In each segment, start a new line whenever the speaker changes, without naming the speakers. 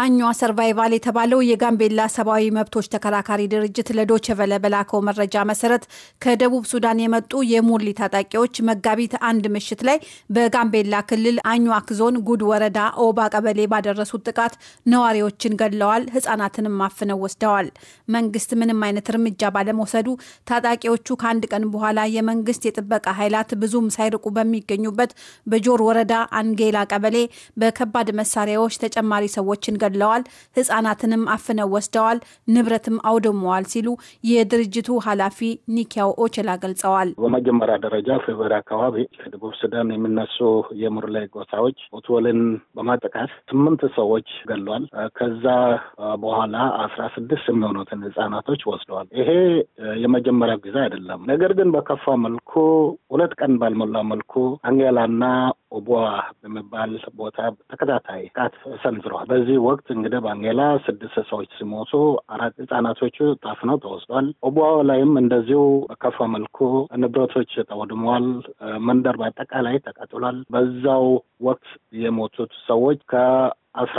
አኟ ሰርቫይቫል የተባለው የጋምቤላ ሰብአዊ መብቶች ተከራካሪ ድርጅት ለዶቸቨለ በላከው መረጃ መሰረት ከደቡብ ሱዳን የመጡ የሙርሊ ታጣቂዎች መጋቢት አንድ ምሽት ላይ በጋምቤላ ክልል አኟክ ዞን ጉድ ወረዳ ኦባ ቀበሌ ባደረሱት ጥቃት ነዋሪዎችን ገድለዋል፣ ህጻናትንም አፍነው ወስደዋል። መንግስት ምንም አይነት እርምጃ ባለመውሰዱ ታጣቂዎቹ ከአንድ ቀን በኋላ የመንግስት የጥበቃ ኃይላት ብዙም ሳይርቁ በሚገኙበት በጆር ወረዳ አንጌላ ቀበሌ በከባድ መሳሪያዎች ተጨማሪ ሰዎችን ገድለዋል፣ ህጻናትንም አፍነው ወስደዋል፣ ንብረትም አውድመዋል ሲሉ የድርጅቱ ኃላፊ ኒኪያው ኦችላ ገልጸዋል። በመጀመሪያ
ደረጃ ፌቨር አካባቢ ከደቡብ ሱዳን የሚነሱ የሙርላይ ጎሳዎች ኦትወልን በማጠቃት ስምንት ሰዎች ገድለዋል። ከዛ በኋላ አስራ ስድስት የሚሆኑትን ህጻናቶች ወስደዋል። ይሄ የመጀመሪያው ጊዜ አይደለም። ነገር ግን በከፋ መልኩ ሁለት ቀን ባልሞላ መልኩ አንጌላና ኦቦዋ በሚባል ቦታ ተከታታይ ጥቃት ሰንዝረዋል። በዚህ ወቅት ወቅት እንግዲህ ባንጌላ ስድስት ሰዎች ሲሞቱ አራት ህጻናቶቹ ታፍነው ተወስዷል። ኦቧ ላይም እንደዚሁ በከፋ መልኩ ንብረቶች ተወድመዋል። መንደር በአጠቃላይ ተቃጥሏል። በዛው ወቅት የሞቱት ሰዎች ከአስራ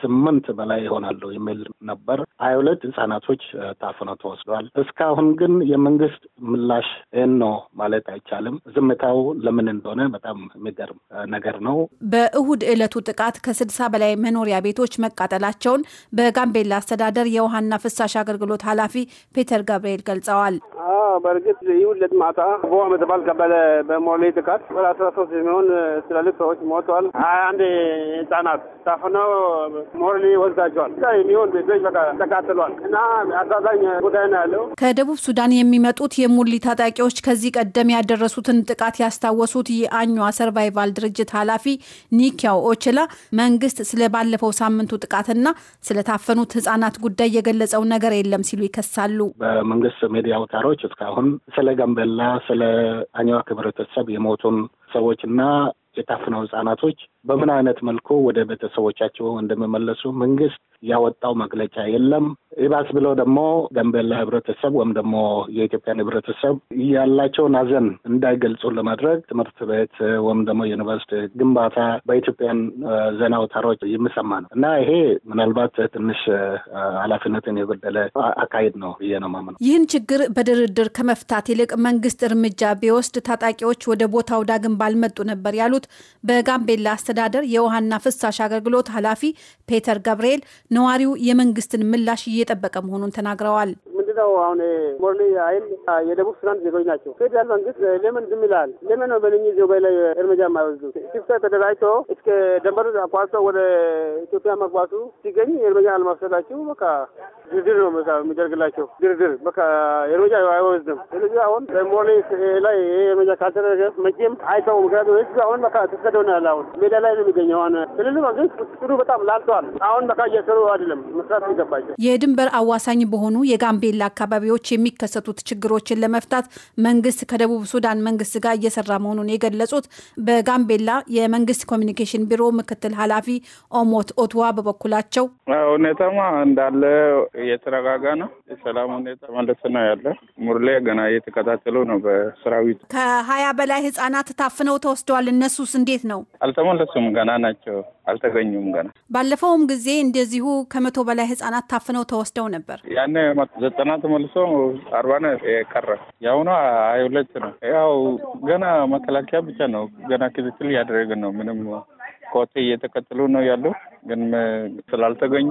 ስምንት በላይ ይሆናሉ የሚል ነበር። ሀያ ሁለት ህጻናቶች ታፍነው ተወስዷል። እስካሁን ግን የመንግስት ምላሽ ይህን ነው ማለት አይቻልም። ዝምታው ለምን እንደሆነ በጣም የሚገርም ነገር ነው።
በእሁድ ዕለቱ ጥቃት ከስልሳ በላይ መኖሪያ ቤቶች መቃጠላቸውን በጋምቤላ አስተዳደር የውሃና ፍሳሽ አገልግሎት ኃላፊ ፔተር ገብርኤል ገልጸዋል።
በእርግጥ ይውለት ማታ ቦ መተባል ቀበለ በሞሌ ጥቃት ወደ አስራ ሶስት የሚሆን ትላልቅ ሰዎች ሞተዋል። ሀያ አንድ ህጻናት ታፍነው መሆኑን ወስዳቸዋል። የሚሆን ቤቶች ተቃጥሏል እና አሳዛኝ ጉዳይ ነው ያለው።
ከደቡብ ሱዳን የሚመጡት የሙሊ ታጣቂዎች ከዚህ ቀደም ያደረሱትን ጥቃት ያስታወሱት የአኟ ሰርቫይቫል ድርጅት ኃላፊ ኒኪያው ኦችላ መንግስት ስለ ባለፈው ሳምንቱ ጥቃትና ስለታፈኑት ህጻናት ጉዳይ የገለጸው ነገር የለም ሲሉ ይከሳሉ።
በመንግስት ሚዲያ አውታሮች እስካሁን ስለ ገንበላ ስለ አኛዋ ክብረተሰብ የሞቱን እና የታፍነው ህጻናቶች በምን አይነት መልኩ ወደ ቤተሰቦቻቸው እንደሚመለሱ መንግስት ያወጣው መግለጫ የለም። ይባስ ብለው ደግሞ ጋምቤላ ህብረተሰብ ወይም ደግሞ የኢትዮጵያን ህብረተሰብ ያላቸውን አዘን እንዳይገልጹ ለማድረግ ትምህርት ቤት ወይም ደግሞ ዩኒቨርሲቲ ግንባታ በኢትዮጵያን ዜና አውታሮች የምሰማ ነው እና ይሄ ምናልባት ትንሽ ኃላፊነትን የጎደለ አካሄድ ነው ብዬ ነው ማምነው።
ይህን ችግር በድርድር ከመፍታት ይልቅ መንግስት እርምጃ ቢወስድ ታጣቂዎች ወደ ቦታው ዳግም ባልመጡ ነበር ያሉት በጋምቤላ አስተዳደር የውሃና ፍሳሽ አገልግሎት ኃላፊ ፔተር ገብርኤል ነዋሪው የመንግስትን ምላሽ እየ እየጠበቀ መሆኑን ተናግረዋል።
ምንድነው አሁን ሞርሌ አይል የደቡብ ሱዳን ዜጎች ናቸው። ፌዴራል መንግስት ለምን ዝም ይላል? ለምን ነው በነኚህ ዜጎች ላይ እርምጃ የማይወስዱ? ሽፍታ ተደራጅቶ እስከ ደንበሩ አቋርጦ ወደ ኢትዮጵያ መግባቱ ሲገኝ እርምጃ አልመውሰዳችሁ በቃ ድርድር ነው የሚደርግላቸው ድርድር በቃ የእርምጃ አይወስድም። ስለዚህ አሁን ሞሌ ላይ ይሄ እርምጃ ካልተደረገ መቼም አይተው። ምክንያቱም ህዝብ አሁን በቃ ተሰደሆነ ያለ አሁን ሜዳ ላይ ነው የሚገኘው። አሁን ክልል ግን ቁጥጥሩ በጣም ላልተዋል። አሁን በቃ እየሰሩ አይደለም መስራት ይገባቸው።
የድንበር አዋሳኝ በሆኑ የጋምቤላ አካባቢዎች የሚከሰቱት ችግሮችን ለመፍታት መንግስት ከደቡብ ሱዳን መንግስት ጋር እየሰራ መሆኑን የገለጹት በጋምቤላ የመንግስት ኮሚኒኬሽን ቢሮ ምክትል ኃላፊ ኦሞት ኦትዋ በበኩላቸው
ሁኔታማ እንዳለ እየተረጋጋ ነው። የሰላም ሁኔታ ማለት ነው ያለ ሙርሌ ገና እየተከታተሉ ነው። በሰራዊቱ
ከሀያ በላይ ህጻናት ታፍነው ተወስደዋል። እነሱስ እንዴት ነው?
አልተመለሱም። ገና ናቸው፣ አልተገኙም ገና።
ባለፈውም ጊዜ እንደዚሁ ከመቶ በላይ ህጻናት ታፍነው ተወስደው ነበር።
ያኔ ዘጠና ተመልሶ አርባ ነው የቀረ። የአሁኑ ሀያ ሁለት ነው። ያው ገና መከላከያ ብቻ ነው ገና ክትትል እያደረገ ነው። ምንም ኮቴ እየተከተሉ ነው ያሉ ግን ስላልተገኙ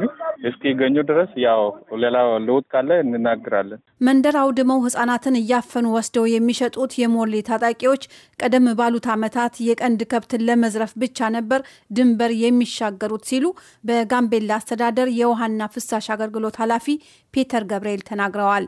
እስኪገኙ ድረስ ያው ሌላ ለውጥ ካለ እንናግራለን።
መንደር አውድመው ህጻናትን እያፈኑ ወስደው የሚሸጡት የሞሌ ታጣቂዎች ቀደም ባሉት ዓመታት የቀንድ ከብትን ለመዝረፍ ብቻ ነበር ድንበር የሚሻገሩት ሲሉ በጋምቤላ አስተዳደር የውሃና ፍሳሽ አገልግሎት ኃላፊ ፔተር ገብርኤል ተናግረዋል።